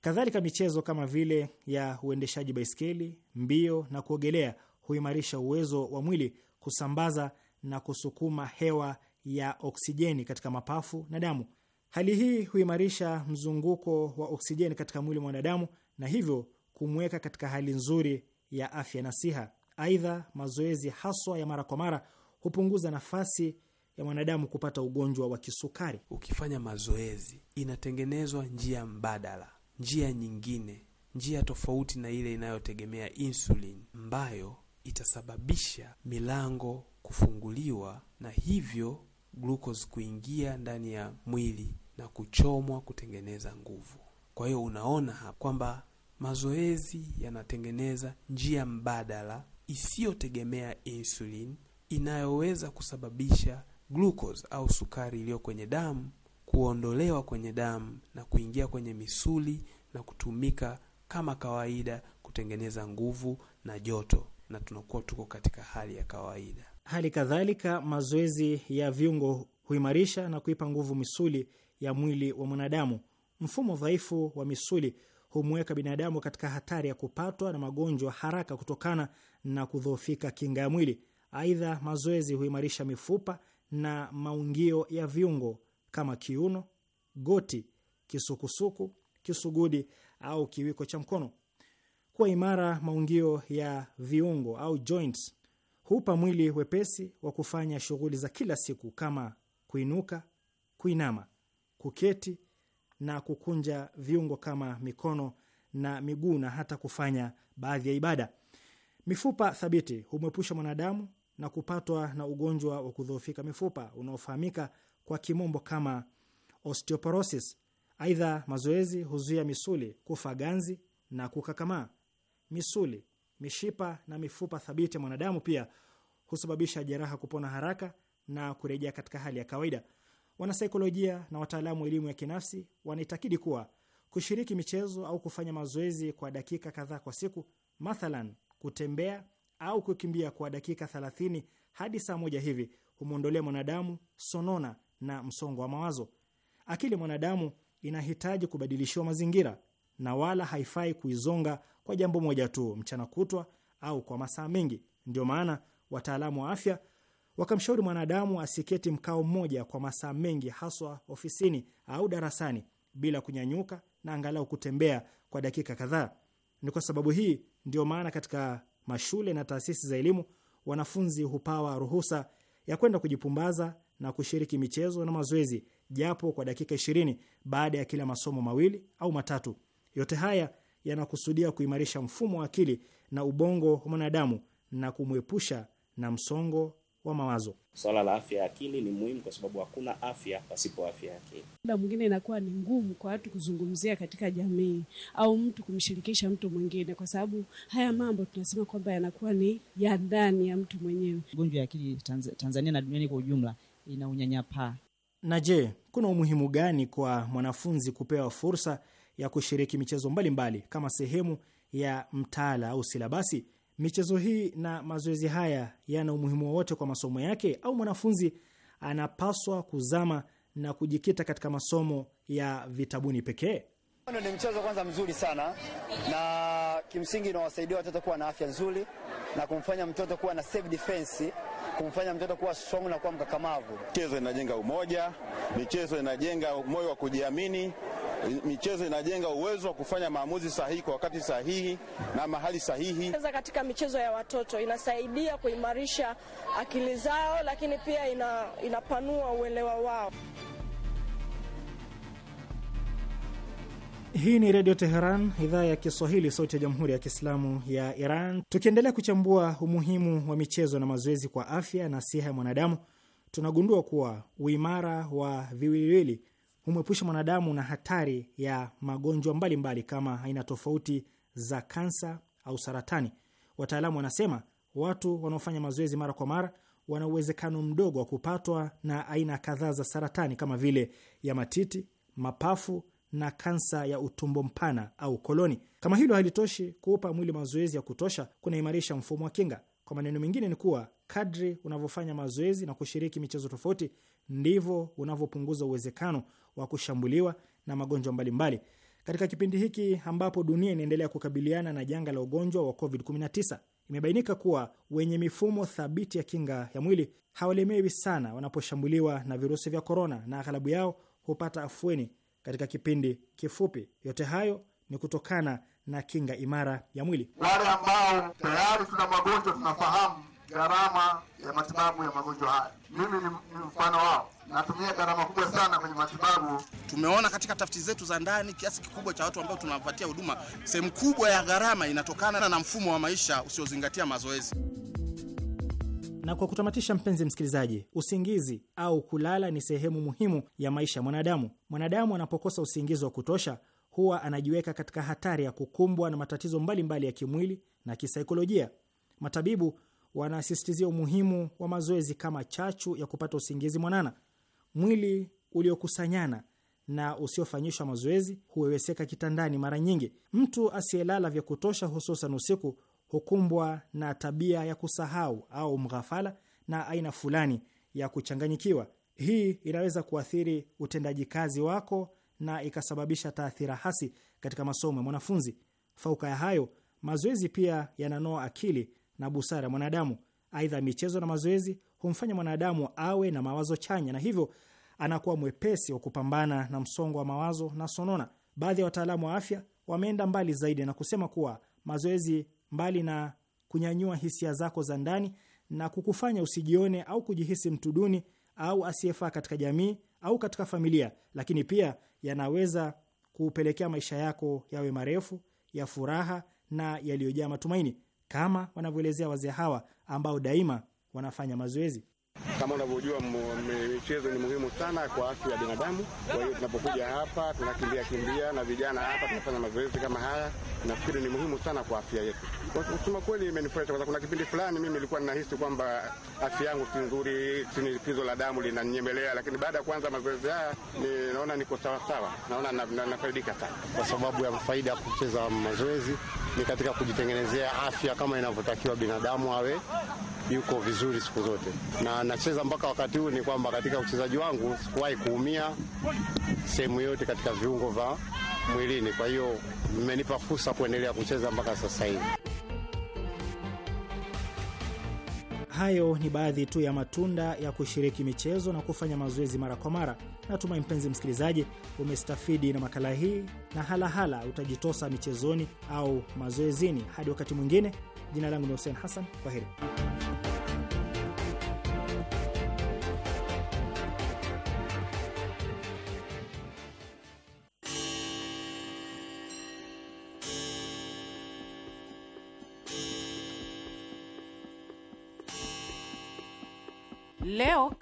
Kadhalika, michezo kama vile ya uendeshaji baiskeli, mbio na kuogelea huimarisha uwezo wa mwili kusambaza na kusukuma hewa ya oksijeni katika mapafu na damu. Hali hii huimarisha mzunguko wa oksijeni katika mwili wa mwanadamu na hivyo kumweka katika hali nzuri ya afya na siha. Aidha, mazoezi haswa ya mara kwa mara hupunguza nafasi ya mwanadamu kupata ugonjwa wa kisukari. Ukifanya mazoezi, inatengenezwa njia mbadala njia nyingine, njia tofauti na ile inayotegemea insulin ambayo itasababisha milango kufunguliwa na hivyo glucose kuingia ndani ya mwili na kuchomwa kutengeneza nguvu. Kwa hiyo unaona hapa kwamba mazoezi yanatengeneza njia mbadala isiyotegemea insulin inayoweza kusababisha glucose au sukari iliyo kwenye damu kuondolewa kwenye damu na kuingia kwenye misuli na kutumika kama kawaida kutengeneza nguvu na joto, na tunakuwa tuko katika hali ya kawaida. Hali kadhalika, mazoezi ya viungo huimarisha na kuipa nguvu misuli ya mwili wa mwanadamu. Mfumo dhaifu wa misuli humweka binadamu katika hatari ya kupatwa na magonjwa haraka kutokana na kudhoofika kinga ya mwili. Aidha, mazoezi huimarisha mifupa na maungio ya viungo kama kiuno, goti, kisukusuku, kisugudi au kiwiko cha mkono. Kuwa imara maungio ya viungo au joints hupa mwili wepesi wa kufanya shughuli za kila siku kama kuinuka, kuinama, kuketi na kukunja viungo kama mikono na miguu na hata kufanya baadhi ya ibada. Mifupa thabiti humwepusha mwanadamu na kupatwa na ugonjwa wa kudhoofika mifupa unaofahamika kwa kimombo kama osteoporosis. Aidha, mazoezi huzuia misuli kufa ganzi na kukakamaa. Misuli, mishipa na mifupa thabiti ya mwanadamu pia husababisha jeraha kupona haraka na kurejea katika hali ya kawaida. Wanasaikolojia na wataalamu wa elimu ya kinafsi wanaitakidi kuwa kushiriki michezo au kufanya mazoezi kwa dakika kadhaa kwa siku, mathalan kutembea au kukimbia kwa dakika 30 hadi saa moja hivi humwondolea mwanadamu sonona na msongo wa mawazo. Akili mwanadamu inahitaji kubadilishiwa mazingira na wala haifai kuizonga kwa jambo moja tu mchana kutwa au kwa masaa mengi. Ndio maana wataalamu wa afya wakamshauri mwanadamu asiketi mkao mmoja kwa masaa mengi, haswa ofisini au darasani bila kunyanyuka na angalau kutembea kwa dakika kadhaa. Ni kwa sababu hii ndio maana katika mashule na taasisi za elimu wanafunzi hupawa ruhusa ya kwenda kujipumbaza na kushiriki michezo na mazoezi japo kwa dakika ishirini baada ya kila masomo mawili au matatu. Yote haya yanakusudia kuimarisha mfumo wa akili na ubongo wa mwanadamu na kumwepusha na msongo wa mawazo. Swala la afya ya akili ni muhimu kwa sababu hakuna afya pasipo afya ya akili. Muda mwingine inakuwa ni ngumu kwa watu kuzungumzia katika jamii au mtu kumshirikisha mtu mwingine, kwa sababu haya mambo tunasema kwamba yanakuwa ni ya ndani ya mtu mwenyewe. Ugonjwa ya akili Tanzania na duniani kwa ujumla ina unyanyapaa. Na je, kuna umuhimu gani kwa mwanafunzi kupewa fursa ya kushiriki michezo mbalimbali mbali, kama sehemu ya mtaala au silabasi? Michezo hii na mazoezi haya yana umuhimu wowote kwa masomo yake, au mwanafunzi anapaswa kuzama na kujikita katika masomo ya vitabuni pekee? Ni mchezo kwanza mzuri sana na kimsingi inawasaidia watoto kuwa na afya nzuri na kumfanya mtoto kuwa na self defense, kumfanya mtoto kuwa strong na kuwa mkakamavu. Michezo inajenga umoja, michezo inajenga moyo wa kujiamini, michezo inajenga uwezo wa kufanya maamuzi sahihi kwa wakati sahihi na mahali sahihi. Katika michezo ya watoto inasaidia kuimarisha akili zao, lakini pia ina, inapanua uelewa wao. Hii ni Redio Teheran, idhaa ya Kiswahili, sauti ya Jamhuri ya Kiislamu ya Iran. Tukiendelea kuchambua umuhimu wa michezo na mazoezi kwa afya na siha ya mwanadamu, tunagundua kuwa uimara wa viwiliwili humwepusha mwanadamu na hatari ya magonjwa mbalimbali mbali kama aina tofauti za kansa au saratani. Wataalamu wanasema watu wanaofanya mazoezi mara kwa mara wana uwezekano mdogo wa kupatwa na aina kadhaa za saratani kama vile ya matiti, mapafu na kansa ya utumbo mpana au koloni. Kama hilo halitoshi, kuupa mwili mazoezi ya kutosha kunaimarisha mfumo wa kinga. Kwa maneno mengine, ni kuwa kadri unavyofanya mazoezi na kushiriki michezo tofauti, ndivyo unavyopunguza uwezekano wa kushambuliwa na magonjwa mbalimbali. mbali. Katika kipindi hiki ambapo dunia inaendelea kukabiliana na janga la ugonjwa wa COVID-19, imebainika kuwa wenye mifumo thabiti ya kinga ya mwili hawalemewi sana wanaposhambuliwa na virusi vya korona, na aghalabu yao hupata afueni katika kipindi kifupi. Yote hayo ni kutokana na kinga imara ya mwili. Wale ambao tayari tuna magonjwa tunafahamu gharama ya matibabu ya magonjwa haya. Mimi ni mfano wao, natumia gharama kubwa sana kwenye matibabu. Tumeona katika tafiti zetu za ndani, kiasi kikubwa cha watu ambao tunawapatia huduma, sehemu kubwa ya gharama inatokana na mfumo wa maisha usiozingatia mazoezi. Na kwa kutamatisha, mpenzi msikilizaji, usingizi au kulala ni sehemu muhimu ya maisha ya mwanadamu. Mwanadamu anapokosa usingizi wa kutosha, huwa anajiweka katika hatari ya kukumbwa na matatizo mbalimbali mbali ya kimwili na kisaikolojia. Matabibu wanasisitizia umuhimu wa mazoezi kama chachu ya kupata usingizi mwanana. Mwili uliokusanyana na usiofanyishwa mazoezi huweweseka kitandani mara nyingi. Mtu asiyelala vya kutosha, hususan usiku, hukumbwa na tabia ya kusahau au mghafala na aina fulani ya kuchanganyikiwa. Hii inaweza kuathiri utendaji kazi wako na ikasababisha taathira hasi katika masomo ya mwanafunzi. Fauka ya hayo, mazoezi pia yananoa akili na busara ya mwanadamu. Aidha, michezo na mazoezi humfanya mwanadamu awe na mawazo chanya na hivyo anakuwa mwepesi wa kupambana na msongo wa mawazo na sonona. Baadhi ya wataalamu wa afya wameenda mbali zaidi na kusema kuwa mazoezi mbali na kunyanyua hisia zako za ndani na kukufanya usijione au kujihisi mtu duni au asiyefaa katika jamii au katika familia, lakini pia yanaweza kupelekea maisha yako yawe marefu ya furaha na yaliyojaa matumaini, kama wanavyoelezea wazee hawa ambao daima wanafanya mazoezi. Kama unavyojua michezo ni muhimu sana kwa afya ya binadamu. Kwa hiyo tunapokuja hapa tunakimbia kimbia na vijana hapa tunafanya mazoezi kama haya, nafikiri ni muhimu sana kwa afya yetu. Kusema kweli, imenifurahisha kwa kuna kipindi fulani mimi nilikuwa ninahisi kwamba afya yangu si nzuri, shinikizo la damu linanyemelea, lakini baada ya kuanza mazoezi haya naona niko sawasawa, naona nafaidika sana, kwa sababu ya faida ya kucheza mazoezi ni katika kujitengenezea afya kama inavyotakiwa binadamu awe yuko vizuri siku zote na nacheza mpaka wakati huu ni kwamba katika uchezaji wangu sikuwahi kuumia sehemu yote katika viungo vya mwilini, kwa hiyo imenipa fursa kuendelea kucheza mpaka sasa hivi. Hayo ni baadhi tu ya matunda ya kushiriki michezo na kufanya mazoezi mara kwa mara. Natumai mpenzi msikilizaji, umestafidi na makala hii na halahala hala, utajitosa michezoni au mazoezini. Hadi wakati mwingine, jina langu ni Hussein Hassan, kwa heri. leo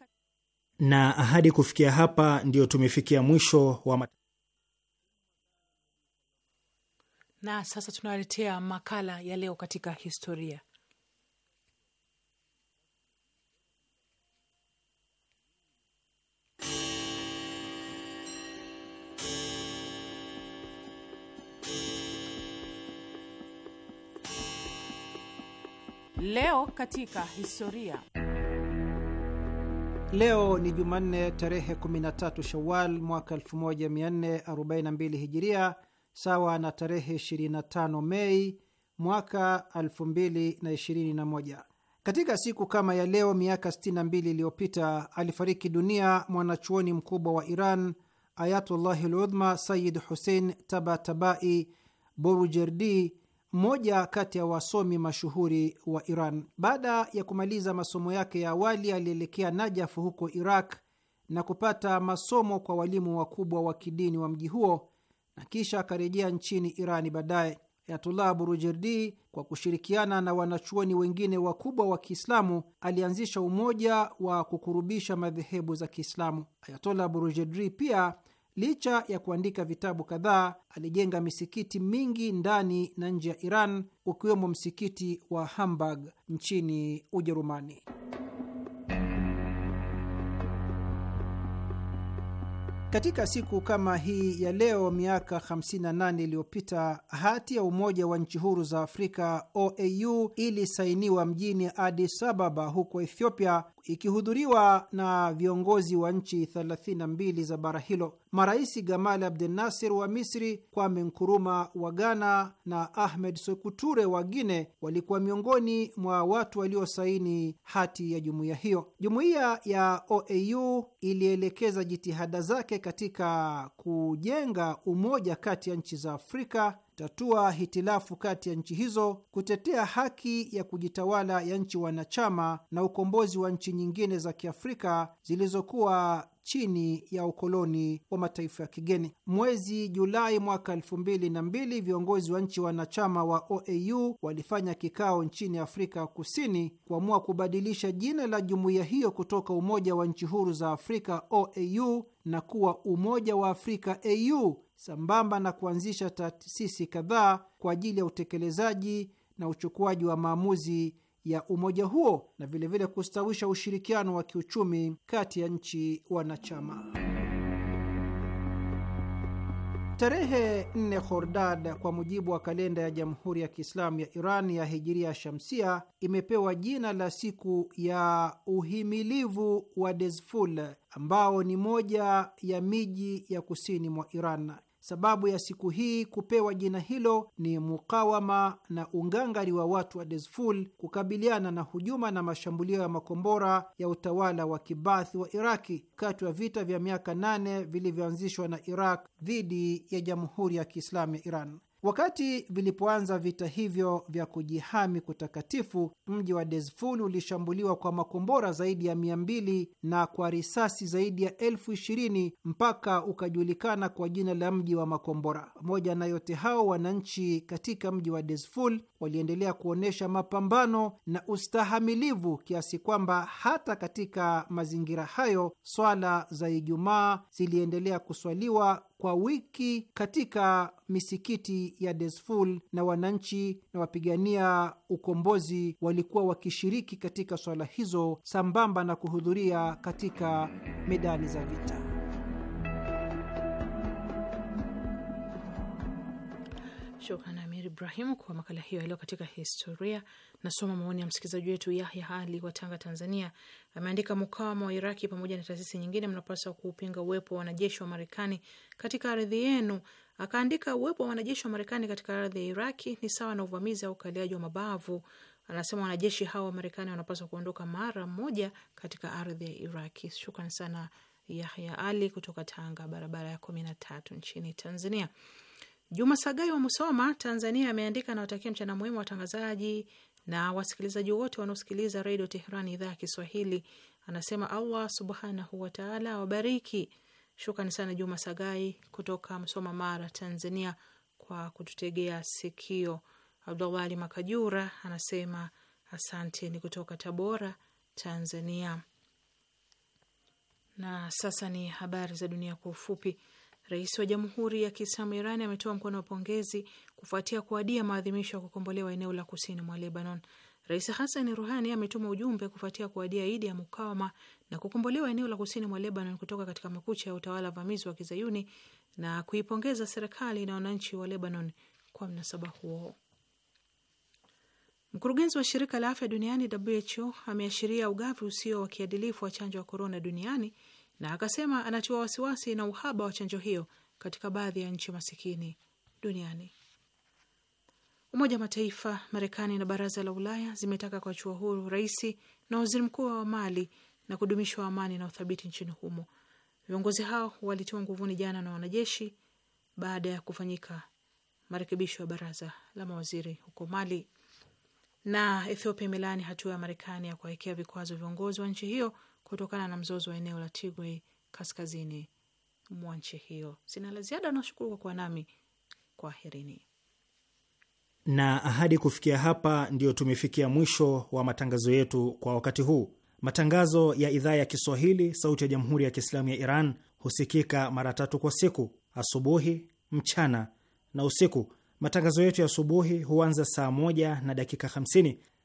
na ahadi. Kufikia hapa, ndio tumefikia mwisho wa mat... na sasa tunawaletea makala ya leo katika historia. Leo katika historia Leo ni Jumanne tarehe 13 Shawal mwaka 1442 Hijiria, sawa na tarehe 25 Mei mwaka 2021. Katika siku kama ya leo miaka 62 iliyopita alifariki dunia mwanachuoni mkubwa wa Iran Ayatullahi Ludhma Sayid husein Tabatabai Borujerdi mmoja kati ya wasomi mashuhuri wa Iran. Baada ya kumaliza masomo yake ya awali, alielekea Najafu huko Iraq na kupata masomo kwa walimu wakubwa wa kidini wa mji huo na kisha akarejea nchini Irani baadaye. Ayatullah Burujerdi kwa kushirikiana na wanachuoni wengine wakubwa wa Kiislamu alianzisha umoja wa kukurubisha madhehebu za Kiislamu. Ayatollah Burujerdi pia Licha ya kuandika vitabu kadhaa, alijenga misikiti mingi ndani na nje ya Iran, ukiwemo msikiti wa Hamburg nchini Ujerumani. Katika siku kama hii ya leo miaka 58 iliyopita hati ya Umoja wa Nchi Huru za Afrika OAU ilisainiwa mjini Addis Ababa huko Ethiopia ikihudhuriwa na viongozi wa nchi 32 za bara hilo. Marais Gamal Abdel Nasser wa Misri, Kwame Nkuruma wa Ghana na Ahmed Sekuture wa Guine walikuwa miongoni mwa watu waliosaini hati ya jumuiya hiyo. Jumuiya ya OAU ilielekeza jitihada zake katika kujenga umoja kati ya nchi za Afrika tatua hitilafu kati ya nchi hizo, kutetea haki ya kujitawala ya nchi wanachama na ukombozi wa nchi nyingine za Kiafrika zilizokuwa chini ya ukoloni wa mataifa ya kigeni. Mwezi Julai mwaka elfu mbili na mbili viongozi wa nchi wanachama wa OAU walifanya kikao nchini Afrika Kusini kuamua kubadilisha jina la jumuiya hiyo kutoka Umoja wa Nchi Huru za Afrika OAU na kuwa Umoja wa Afrika AU sambamba na kuanzisha taasisi kadhaa kwa ajili ya utekelezaji na uchukuaji wa maamuzi ya umoja huo na vilevile vile kustawisha ushirikiano wa kiuchumi kati ya nchi wanachama. Tarehe nne Khordad kwa mujibu wa kalenda ya Jamhuri ya Kiislamu ya Iran ya Hijiria Shamsia imepewa jina la siku ya uhimilivu wa Dezful ambao ni moja ya miji ya kusini mwa Iran. Sababu ya siku hii kupewa jina hilo ni mukawama na ungangari wa watu wa Dezful kukabiliana na hujuma na mashambulio ya makombora ya utawala wa kibathi wa Iraki kati ya vita vya miaka nane vilivyoanzishwa na Iraq dhidi ya Jamhuri ya Kiislamu ya Iran. Wakati vilipoanza vita hivyo vya kujihami kutakatifu, mji wa Dezful ulishambuliwa kwa makombora zaidi ya mia mbili na kwa risasi zaidi ya elfu ishirini mpaka ukajulikana kwa jina la mji wa makombora. Pamoja na yote hao, wananchi katika mji wa Dezful waliendelea kuonyesha mapambano na ustahamilivu kiasi kwamba hata katika mazingira hayo swala za Ijumaa ziliendelea kuswaliwa kwa wiki katika misikiti ya Desful na wananchi na wapigania ukombozi walikuwa wakishiriki katika swala hizo sambamba na kuhudhuria katika medani za vita. Shukran. Ibrahim kwa makala hiyo yaliyo katika historia. Nasoma maoni ya msikilizaji wetu Yahya Ali wa Tanga, Tanzania. Ameandika, mukawama wa Iraki pamoja na taasisi nyingine mnapaswa kuupinga uwepo wa wanajeshi wa Marekani katika ardhi yenu. Akaandika, uwepo wa wanajeshi wa Marekani katika ardhi ya Iraki ni sawa na uvamizi au ukaliaji wa mabavu. Anasema wanajeshi hao wa Marekani wanapaswa kuondoka mara moja katika ardhi ya Iraki. Shukran sana Yahya Ali kutoka Tanga, barabara ya kumi na tatu nchini Tanzania. Juma Sagai wa Musoma, Tanzania, ameandika nawatakia mchana mwema watangazaji na wasikilizaji wote wanaosikiliza redio tehran idhaa ya Kiswahili. Anasema Allah subhanahu wataala awabariki. Shukrani sana Juma Sagai kutoka Msoma, Mara, Tanzania, kwa kututegea sikio. Abdulali Makajura anasema asante, ni kutoka Tabora, Tanzania. Na sasa ni habari za dunia kwa ufupi. Rais wa Jamhuri ya Kiislamu Iran ametoa mkono wa pongezi kufuatia kuadia maadhimisho ya kukombolewa eneo la kusini mwa Lebanon. Rais Hassan Ruhani ametuma ujumbe kufuatia kuadia Idi ya Mukawama na kukombolewa eneo la kusini mwa Lebanon kutoka katika makucha ya utawala vamizi wa Kizayuni na kuipongeza serikali na wananchi wa Lebanon kwa mnasaba huo. Mkurugenzi wa shirika la afya duniani WHO ameashiria ugavi usio wa kiadilifu wa chanjo ya korona duniani na akasema anatiwa wasiwasi na uhaba wa chanjo hiyo katika baadhi ya nchi masikini duniani. Umoja wa Mataifa, Marekani na Baraza la Ulaya zimetaka kuachiwa huru rais na waziri mkuu wa Mali na kudumishwa amani na uthabiti nchini humo. Viongozi hao walitiwa nguvuni jana na wanajeshi baada ya kufanyika marekebisho ya baraza la mawaziri huko Mali. Na Ethiopia imelaani hatua ya Marekani ya kuwawekea vikwazo viongozi wa nchi hiyo kutokana na mzozo wa eneo la Tigray kaskazini mwa nchi hiyo. Sina la ziada, nashukuru kwa kuwa nami, kwaherini. Na ahadi kufikia hapa, ndiyo tumefikia mwisho wa matangazo yetu kwa wakati huu. Matangazo ya idhaa ya Kiswahili sauti ya Jamhuri ya Kiislamu ya Iran husikika mara tatu kwa siku: asubuhi, mchana na usiku. Matangazo yetu ya asubuhi huanza saa moja na dakika hamsini